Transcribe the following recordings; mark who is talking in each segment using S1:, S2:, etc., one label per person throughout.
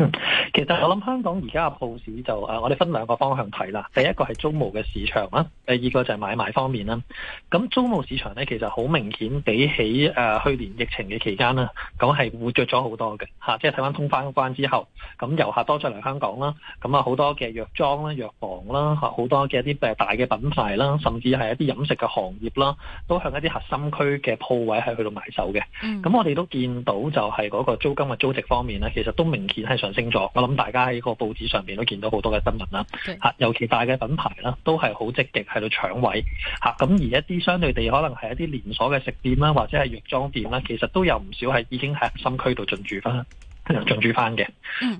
S1: 其實我諗香港而家嘅鋪市就，誒，我哋分兩個方向睇啦。第一個係租務嘅市場啦，第二個就係買賣方面啦。咁租務市場咧，其實好明顯比起誒去年疫情嘅期間啦，咁係活躍咗好多嘅吓、啊。即係睇翻通翻關之後，咁遊客多咗嚟香港啦，咁啊好多嘅藥妝啦、藥房啦，吓好多嘅一啲誒大嘅品牌啦，甚至係一啲飲食嘅行業啦，都向一啲核心區嘅鋪位係去到買手嘅。咁、嗯、我哋都見到就係嗰個租金嘅租值方面咧，其實都明顯係上。我諗大家喺個報紙上面都見到好多嘅新聞啦。吓對，尤其大嘅品牌啦，都係好積極喺度搶位吓。咁、啊、而一啲相對地，可能係一啲連鎖嘅食店啦，或者係藥妝店啦，其實都有唔少係已經喺核心區度進駐翻，進駐翻嘅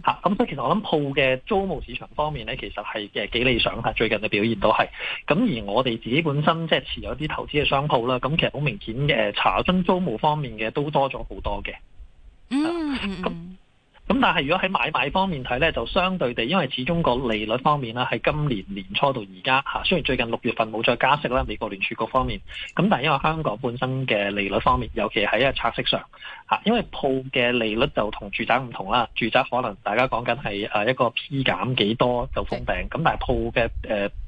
S1: 吓。咁所以其實我諗鋪嘅租務市場方面咧，其實係嘅幾理想吓。最近嘅表現都係咁、啊，而我哋自己本身即係持有啲投資嘅商鋪啦，咁、啊、其實好明顯嘅查詢租務方面嘅都多咗好多嘅、
S2: 啊嗯。嗯，咁、啊。嗯
S1: 咁但係如果喺買賣方面睇咧，就相對地，因為始終個利率方面呢，喺今年年初到而家，雖然最近六月份冇再加息啦，美國聯儲局方面，咁但係因為香港本身嘅利率方面，尤其係喺一個拆息上，因為鋪嘅利率就同住宅唔同啦，住宅可能大家講緊係一個 P 減幾多就封頂，咁的但係鋪嘅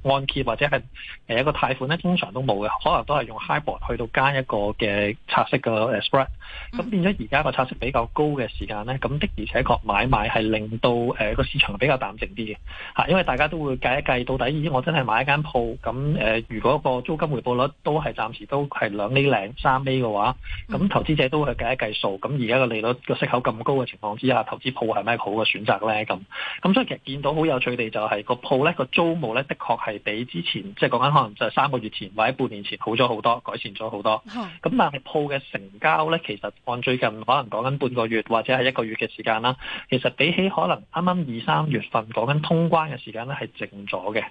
S1: 誒按揭或者係一個貸款咧，通常都冇嘅，可能都係用 HIBOR 去到加一個嘅拆息嘅 spread，咁變咗而家個拆息比較高嘅時間咧，咁的而且確。買賣係令到誒個、呃、市場比較淡靜啲嘅嚇，因為大家都會計一計到底，咦，我真係買一間鋪，咁誒、呃、如果個租金回報率都係暫時都係兩釐零三釐嘅話，咁投資者都會計一計數。咁而家個利率個息口咁高嘅情況之下，投資鋪係咩好嘅選擇咧？咁咁所以其實見到好有趣地就係個鋪咧個租務咧，的確係比之前即係講緊可能就係三個月前或者半年前好咗好多，改善咗好多。咁但係鋪嘅成交咧，其實按最近可能講緊半個月或者係一個月嘅時間啦。其實比起可能啱啱二三月份講緊通關嘅時間呢係靜咗嘅。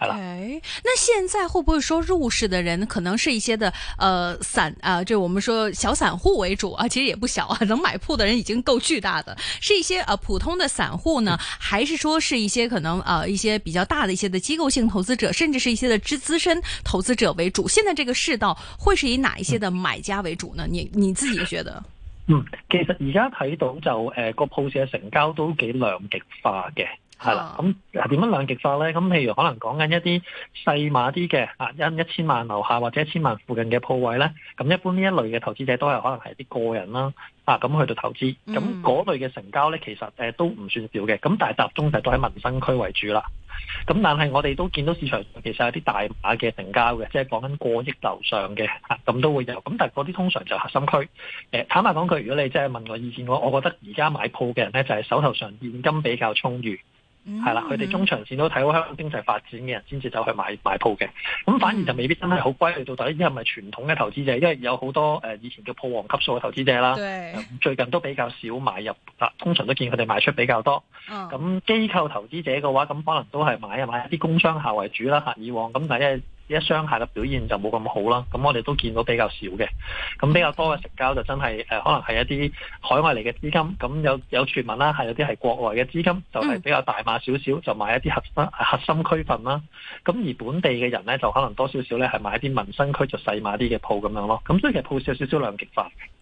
S1: 係
S3: 啦 Okay. 的，那現在會不會說入市的人可能是一些的，呃，散啊、呃，就我們說小散戶為主啊，其實也不小啊，能買鋪的人已經夠巨大的。是一些、呃、普通的散戶呢，嗯、還是說是一些可能啊、呃、一些比較大的一些的機構性投資者，甚至是一些的資深投資者為主？現在這個市道會是以哪一些的買家為主呢？嗯、你你自己覺得？
S1: 嗯，其實而家睇到就誒個鋪市嘅成交都幾兩極化嘅，係啦、啊，咁係點樣兩極化咧？咁譬如可能講緊一啲細碼啲嘅，啊，因一千萬樓下或者一千萬附近嘅鋪位咧，咁一般呢一類嘅投資者都係可能係啲個人啦，啊，咁去到投資，咁嗰、嗯、類嘅成交咧，其實誒、呃、都唔算少嘅，咁但係集中就都喺民生區為主啦。咁但係我哋都見到市場上其實有啲大碼嘅成交嘅，即係講緊過億樓上嘅，咁都會有。咁但係嗰啲通常就核心區。誒，坦白講，佢如果你真係問我意見，我我覺得而家買鋪嘅人咧，就係手頭上現金比較充裕。係啦，佢哋 中長線都睇好香港經濟發展嘅人，先至走去買買鋪嘅。咁反而就未必真係好歸去到底，呢啲係咪傳統嘅投資者，因為有好多、呃、以前叫鋪王級數嘅投資者啦。對最近都比較少買入、啊、通常都見佢哋賣出比較多。咁機構投資者嘅話，咁可能都係買，買一買一啲工商校為主啦。以往咁但係因一商客嘅表現就冇咁好啦，咁我哋都見到比較少嘅，咁比較多嘅成交就真係、呃、可能係一啲海外嚟嘅資金，咁有有傳聞啦，係有啲係國外嘅資金，就係、是、比較大碼少少，就買一啲核心核心區份啦。咁而本地嘅人咧，就可能多少少咧，係買一啲民生區就細碼啲嘅鋪咁樣咯。咁所以其實鋪少，少少兩極化。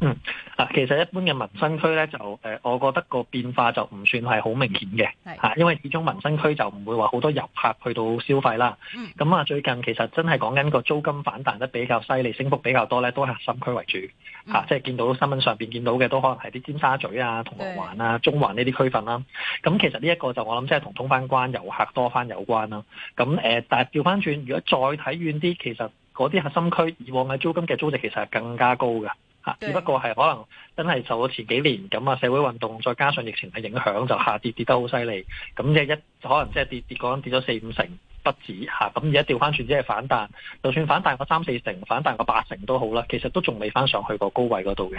S1: 嗯，嗱、啊，其實一般嘅民生區咧，就誒、呃，我覺得個變化就唔算係好明顯嘅，吓的、啊，因為始終民生區就唔會話好多遊客去到消費啦。咁、嗯、啊，最近其實真係講緊個租金反彈得比較犀利，升幅比較多咧，都係核心區為主，吓、嗯啊，即係見到新聞上邊見到嘅，都可能係啲尖沙咀啊、銅鑼灣啊、對中環呢啲區份啦。咁其實呢一個就我諗即係同通翻關遊客多翻有關啦。咁誒、呃，但係調翻轉，如果再睇遠啲，其實嗰啲核心區以往嘅租金嘅租值其實係更加高嘅。對只不過係可能真係受咗前幾年咁啊，社會運動，再加上疫情嘅影響，就下跌跌得好犀利。咁即係一可能即係跌跌講跌咗四五成不止嚇。咁而家調翻轉，即係反彈，就算反彈個三四成，反彈個八成都好啦。其實都仲未翻上去個高位嗰度嘅。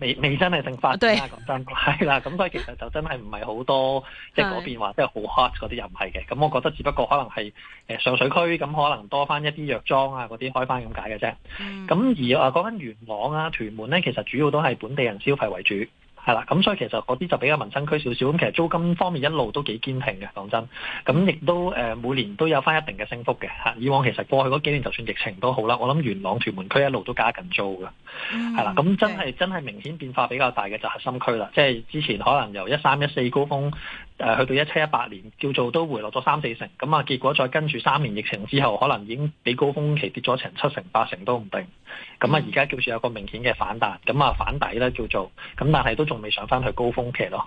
S1: 未未真係盛發嘅、啊，講真係啦，咁所以其實就真係唔係好多，即係嗰邊話即係好 hot 嗰啲又唔係嘅，咁我覺得只不過可能係上水區，咁可能多翻一啲藥妝啊嗰啲開翻咁解嘅啫，咁、嗯、而啊嗰間元朗啊、屯門咧，其實主要都係本地人消費為主。係啦，咁所以其實嗰啲就比較民生區少少，咁其實租金方面一路都幾堅挺嘅，講真，咁亦都、呃、每年都有翻一定嘅升幅嘅嚇。以往其實過去嗰幾年就算疫情都好啦，我諗元朗、屯門區一路都加緊租㗎。係啦、嗯，咁真係真係明顯變化比較大嘅就核心區啦，即係之前可能由一三一四高峰。誒去到一七一八年，叫做都回落咗三四成，咁啊結果再跟住三年疫情之後，可能已經比高峰期跌咗成七成八成都唔定，咁啊而家叫住有個明顯嘅反彈，咁啊反底咧叫做，咁但係都仲未上翻去高峰期咯。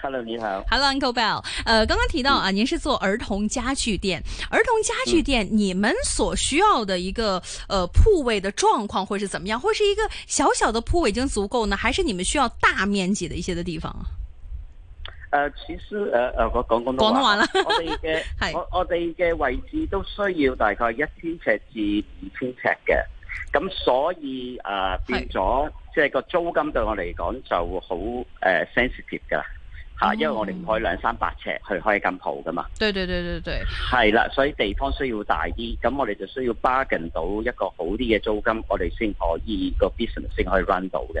S3: Hello，你好。Hello，Uncle Bill。呃，剛剛提到啊，嗯、您是做兒童家具店，兒童家具店，嗯、你們所需要的一個呃鋪位的狀況會是怎麼樣？會是一個小小的鋪位已經足夠呢？還是你們需要大面積的一些的地方啊？
S2: 呃，其實，誒、呃、誒、呃，我講廣東話啦。 我哋嘅係，我哋嘅位置都需要大概一千尺至二千尺嘅，咁所以呃，變咗，即係個租金對我嚟講就好誒、uh, sensitive 噶啦。吓，因為我哋唔可以兩三百尺去開一間鋪㗎嘛。
S3: 對對對對對，
S2: 係啦，所以地方需要大啲，咁我哋就需要 bargain 到一個好啲嘅租金，我哋先可以、個 business 先可以 run 到嘅。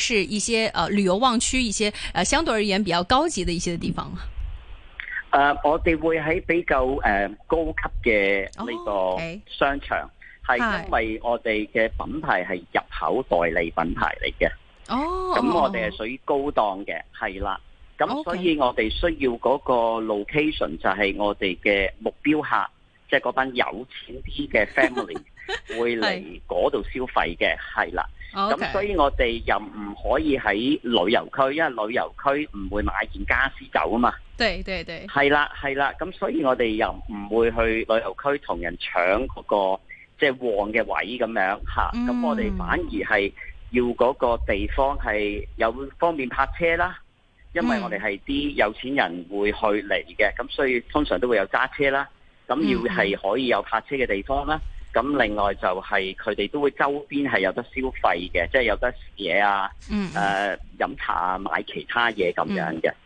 S3: 是一些，誒，旅遊旺區，一些，誒，相對而言比較高級的一些地方啦。
S2: 誒，uh, 我哋會喺比較，誒，高級嘅呢個商場，係、oh, okay. 因為我哋嘅品牌係入口代理品牌嚟嘅。
S3: 哦、oh, oh, oh.，咁我
S2: 哋係屬於高檔嘅，係啦。咁所以我哋需要嗰個 location 就係我哋嘅目標客，即係嗰班有錢啲嘅 family 會嚟嗰度消費嘅，係啦。 咁 Okay. 所以我哋又唔可以喺旅遊區，因為旅遊區唔會買件家私走啊嘛。
S3: 對對對，係
S2: 啦係啦。咁所以我哋又唔會去旅遊區同人搶嗰、那個即係、就是、旺嘅位咁樣嚇。咁、嗯啊、我哋反而係要嗰個地方係有方便泊車啦，因為我哋係啲有錢人會去嚟嘅，咁、嗯、所以通常都會有揸車啦。咁要係可以有泊車嘅地方啦。咁另外就係佢哋都會周邊係有得消費嘅，即係有得嘢啊，誒啊飲茶啊，買其他嘢咁樣嘅。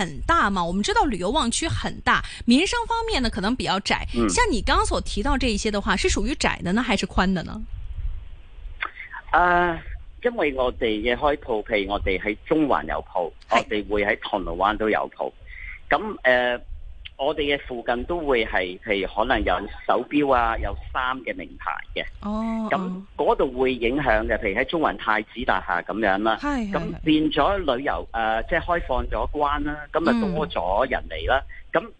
S3: 很大嘛？我們知道旅遊旺區很大，民生方面呢可能比較窄。嗯、像你剛剛所提到這一些的話，是屬於窄的呢，還是寬的呢？
S2: 啊、因為我哋嘅開鋪，譬如我哋喺中環有鋪，是我哋會喺銅鑼灣都有鋪。咁誒。呃我哋嘅附近都會係，譬如可能有手錶啊，有衫嘅名牌嘅。哦、oh, oh.，咁嗰度會影響嘅，譬如喺中環太子大廈咁樣啦。係咁 hi ,變咗旅遊誒，即、呃、係、就是、開放咗關啦，咁咪多咗人嚟啦。咁嗰、mm.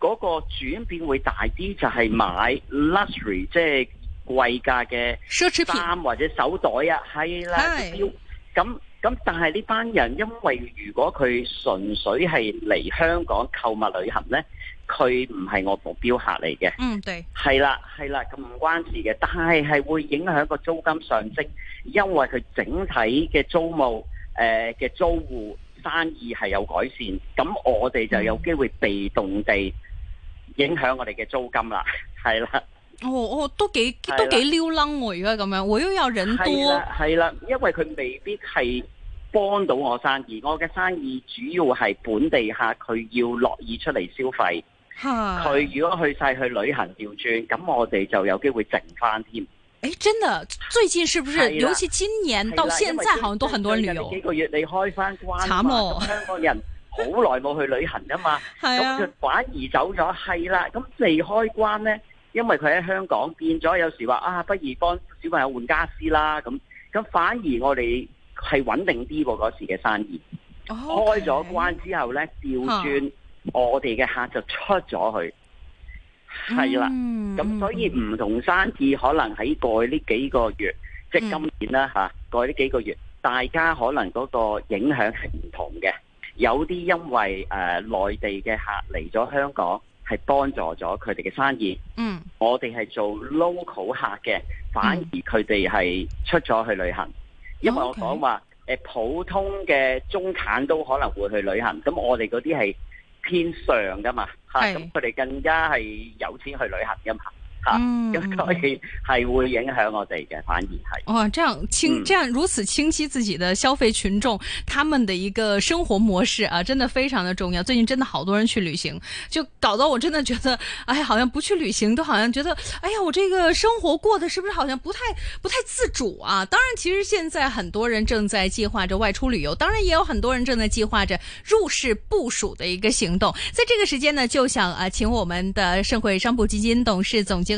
S2: 嗰個轉變會大啲，就係、是、買 luxury，即係貴價嘅奢侈品或者手袋啊，係啦，表的。係。咁咁，但係呢班人因為如果佢純粹係嚟香港購物旅行咧。佢唔係我的目標客嚟嘅，嗯，對，係啦，係啦，咁唔關事嘅，但係係會影響個租金上升，因為佢整體嘅租務，誒、呃、嘅租戶生意係有改善，咁我哋就有機會被動地影響我哋嘅租金啦，係啦、哦。
S3: 哦，我都幾都幾了撩楞我而家咁樣，我都有人多。係啦，
S2: 係啦，因為佢未必係幫到我生意，我嘅生意主要係本地客，佢要樂意出嚟消費。佢如果去晒去旅行調轉，咁我哋就有機會剩翻添。
S3: 誒，真的，最近是不是？是的尤其今年到現在，好像都很多人旅遊。幾個月你開翻
S2: 關，慘了香港人好耐冇去旅行噶嘛，咁 反而走咗係啦。咁未的開關呢？因為佢喺香港變咗，有時話啊，不如幫小朋友換家私啦咁。咁反而我哋係穩定啲喎嗰時嘅生意。Oh, okay. 開咗關之後呢，調轉。 我哋嘅客就出咗去，係啦、嗯，咁所以唔同生意可能喺過去呢幾個月，即係、嗯、今年啦、啊、吓，嗯、過去呢幾個月，大家可能嗰個影響係唔同嘅，有啲因為誒內、呃、地嘅客嚟咗香港，係幫助咗佢哋嘅生意。嗯，我哋係做 local 客嘅，反而佢哋係出咗去旅行。嗯、因為我講話誒，嗯 okay、普通嘅中產都可能會去旅行，咁我哋嗰啲係。偏上噶嘛，吓，咁佢哋更加係有錢去旅行噶嘛。嗯，應該係會影響我哋嘅，
S3: 反而係。哦，這樣清，這樣如此清晰自己的消費群眾，嗯、他們的一個生活模式啊，真的非常的重要。最近真的好多人去旅行，就搞得我真的覺得，哎呀，好像不去旅行都好像覺得，哎呀，我這個生活過得是不是好像不太不太自主啊？當然，其實現在很多人正在計劃着外出旅遊，當然也有很多人正在計劃着入市部署的一個行動。在這個時間呢，就想啊，請我們的盛滙商鋪基金董事總經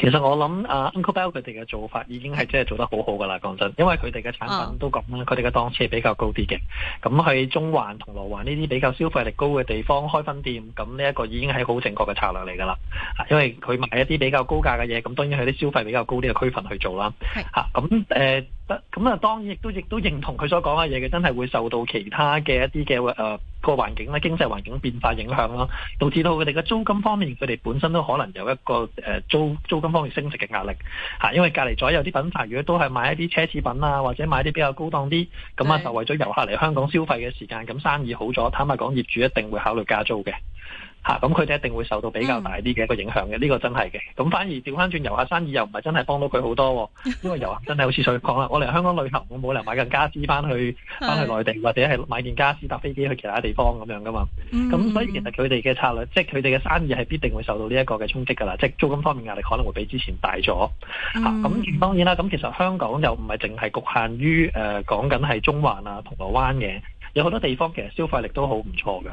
S1: 其實我諗，啊 Uncle Bill 佢哋嘅做法已經係真係做得好好噶啦，講真，因為佢哋嘅產品都咁啦，佢哋嘅檔次係比較高啲嘅。咁喺中環同羅環呢啲比較消費力高嘅地方開分店，咁呢一個已經係好正確嘅策略嚟噶啦。因為佢賣一啲比較高價嘅嘢，咁當然喺啲消費比較高啲嘅區份去做啦。吓是，咁誒、啊。咁啊，當然亦都亦都認同佢所講嘅嘢嘅，真係會受到其他嘅一啲嘅誒個環境咧，經濟環境變化影響咯，導致到佢哋嘅租金方面，佢哋本身都可能有一個誒租租金方面升值嘅壓力吓，因為隔離左右啲品牌，如果都係買一啲奢侈品啊，或者買啲比較高檔啲，咁啊的，就為咗遊客嚟香港消費嘅時間，咁生意好咗，坦白講，業主一定會考慮加租嘅。咁佢哋一定會受到比較大啲嘅一個影響嘅，呢、嗯、個真係嘅。咁反而調翻轉遊客生意又唔係真係幫到佢好多、啊，因為遊客真係好似所講啦，我嚟香港旅行我冇理由買間家私翻去翻是去內地，或者係買件家私搭飛機去其他地方咁樣噶嘛。咁、嗯、所以其實佢哋嘅策略，即係佢哋嘅生意係必定會受到呢一個嘅衝擊噶啦，即、就、係、是、租金方面壓力可能會比之前大咗。嚇、嗯，咁、啊、當然啦，咁其實香港又唔係淨係局限於誒、呃、講緊係中環啊、銅鑼灣嘅，有好多地方其實消費力都好唔錯嘅。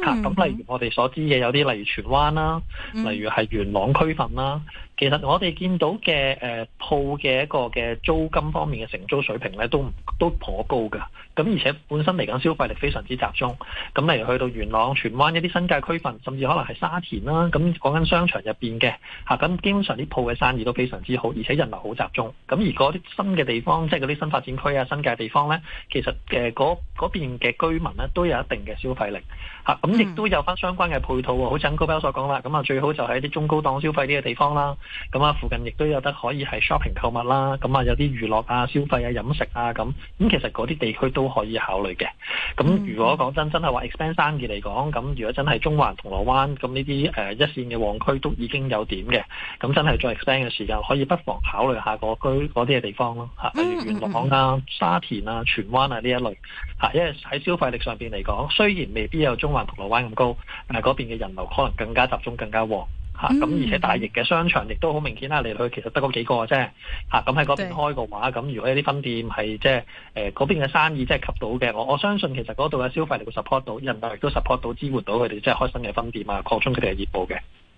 S1: 咁、嗯嗯嗯、例如我哋所知嘅有啲，例如荃灣啦，例如係元朗區份啦，其實我哋見到嘅誒鋪嘅一個嘅租金方面嘅承租水平咧，都都頗高㗎。咁而且本身嚟講消費力非常之集中，咁例如去到元朗、荃灣一啲新界區份，甚至可能係沙田啦，咁講緊商場入面嘅，咁基本上啲鋪嘅生意都非常之好，而且人流好集中。咁而嗰啲新嘅地方，即係嗰啲新發展區啊、新界地方呢，其實誒嗰嗰邊嘅居民呢，都有一定嘅消費力，咁亦、嗯、都有翻相關嘅配套喎。好似高彪所講啦，咁啊最好就喺啲中高檔消費啲嘅地方啦，咁啊附近亦都有得可以係 shopping 購物啦，咁啊有啲娛樂啊、消費啊、飲食啊咁，咁其實嗰啲地區都，可以考慮嘅，咁如果講真真係話 expand 生意嚟講，咁如果真係中環銅鑼灣咁呢啲誒一線嘅旺區都已經有點嘅，咁真係再 expand 嘅時間，可以不妨考慮一下個區嗰啲嘅地方咯，嚇，例如元朗啊、沙田啊、荃灣啊呢一類，嚇，因為喺消費力上邊嚟講，雖然未必有中環銅鑼灣咁高，但係嗰邊嘅人流可能更加集中、更加旺。咁、嗯、而且大型嘅商場亦都好明顯啦，嚟去其實得嗰幾個啫。嚇！咁喺嗰邊開嘅話，咁對如果有啲分店係即係嗰邊嘅生意即係、呃、吸到嘅，我我相信其實嗰度嘅消費力會 support 到，人脈亦都 support 到，支援到佢哋即係開新嘅分店啊，擴充佢哋嘅業務嘅。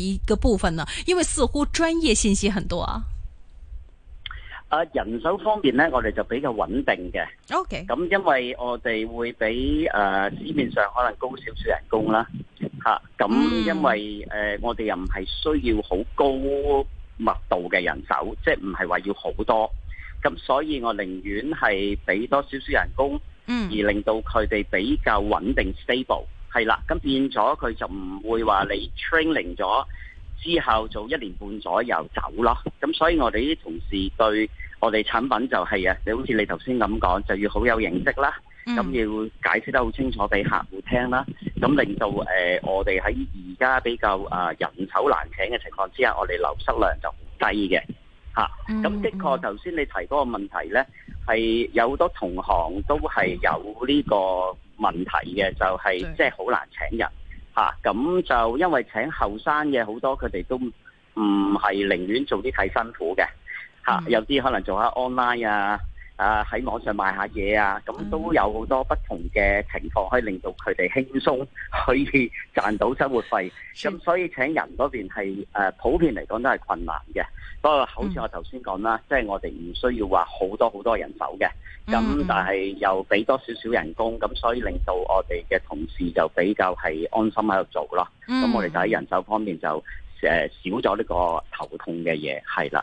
S3: 一個部分呢，因為似乎專業信息很多
S2: 啊。呃、人手方面呢，我哋就比較穩定嘅。O K，咁因為我哋會比誒、呃、市面上可能高少少人工啦，吓、啊、咁因為誒、嗯呃、我哋又唔係需要好高密度嘅人手，即係唔係話要好多，咁所以我寧願係俾多少少人工，嗯，而令到佢哋比較穩定 stable。係啦，咁變咗佢就唔會話你 training 咗之後做一年半左右走咯。咁所以我哋啲同事對我哋產品就係、是、啊，你好似你頭先咁講，就要好有認識啦，咁要解釋得好清楚俾客戶聽啦，咁令到誒、呃、我哋喺而家比較、呃、人手難請嘅情況之下，我哋流失量就好低嘅。吓、啊，咁的確頭先你提嗰個問題呢，係有好多同行都係有呢、這個。問題嘅就係即係好難請人嚇，咁對、啊、就因為請後生嘅好多，佢哋都唔係寧願做啲太辛苦嘅嚇、嗯啊，有啲可能做下 online 啊，啊喺網上賣下嘢啊，咁都有好多不同嘅情況可以令到佢哋輕鬆可以賺到生活費，咁是、啊、所以請人嗰邊係、啊、普遍嚟講都係困難嘅。不過好，好似、嗯、我頭先講啦，即係我哋唔需要話好多好多人手嘅，咁、嗯、但係又俾多少少人工，咁所以令到我哋嘅同事就比較係安心喺度做咯。咁、嗯、我哋就喺人手方面就少咗呢個頭痛嘅嘢，係啦。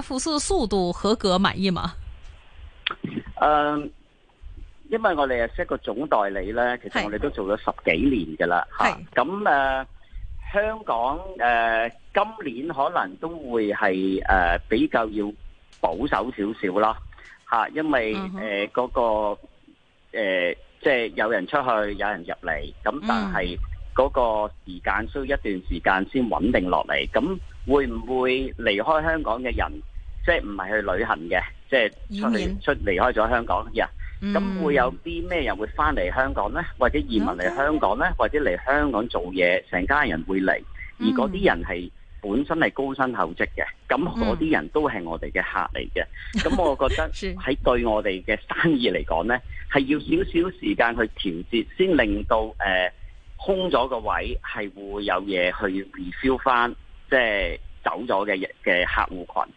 S3: 復蘇速度合格、滿意嗎？
S2: 誒，因為我哋係一個總代理咧，其實我哋都做咗十幾年噶啦吓。咁誒，香港誒，今年可能都會係誒比較要保守少少啦吓，因為誒嗰個誒即係有人出去，有人入嚟，咁但係嗰個時間需要一段時間先穩定落嚟，咁會唔會離開香港嘅人？即係唔係去旅行嘅，即係出嚟然出離開咗香港人，咁、嗯、會有啲咩人會翻嚟香港呢？或者移民嚟香港呢？Okay. 或者嚟香港做嘢，成家人會嚟，而嗰啲人係、嗯、本身係高薪厚職嘅，咁嗰啲人都係我哋嘅客嚟嘅。咁、嗯、我覺得喺 是對我哋嘅生意嚟講呢，係要少少時間去調節，先令到誒、呃、空咗個位，係會有嘢去 refill 翻，即、就、係、是、走咗嘅嘅客戶群。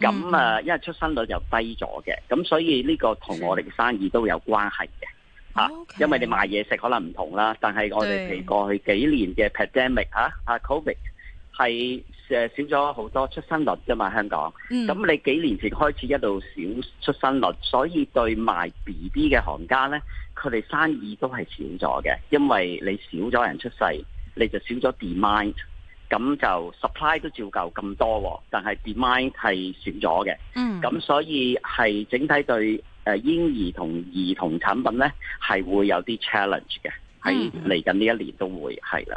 S2: 咁啊，嗯、因為出生率又低咗嘅，咁所以呢個同我哋嘅生意都有關係嘅，吓，Okay, 因為你賣嘢食可能唔同啦，但係我哋譬如過去幾年嘅 pandemic 對啊，covid 係誒少咗好多出生率啫嘛，香港，咁、嗯、你幾年前開始一度少出生率，所以對賣 B B 嘅行家咧，佢哋生意都係少咗嘅，因為你少咗人出世，你就少咗 demand。咁就 supply 都照舊咁多，但係 demand 係少咗嘅。咁、嗯、所以係整體對誒嬰兒同兒童產品咧，係會有啲 challenge 嘅，喺嚟緊呢一年都會係啦。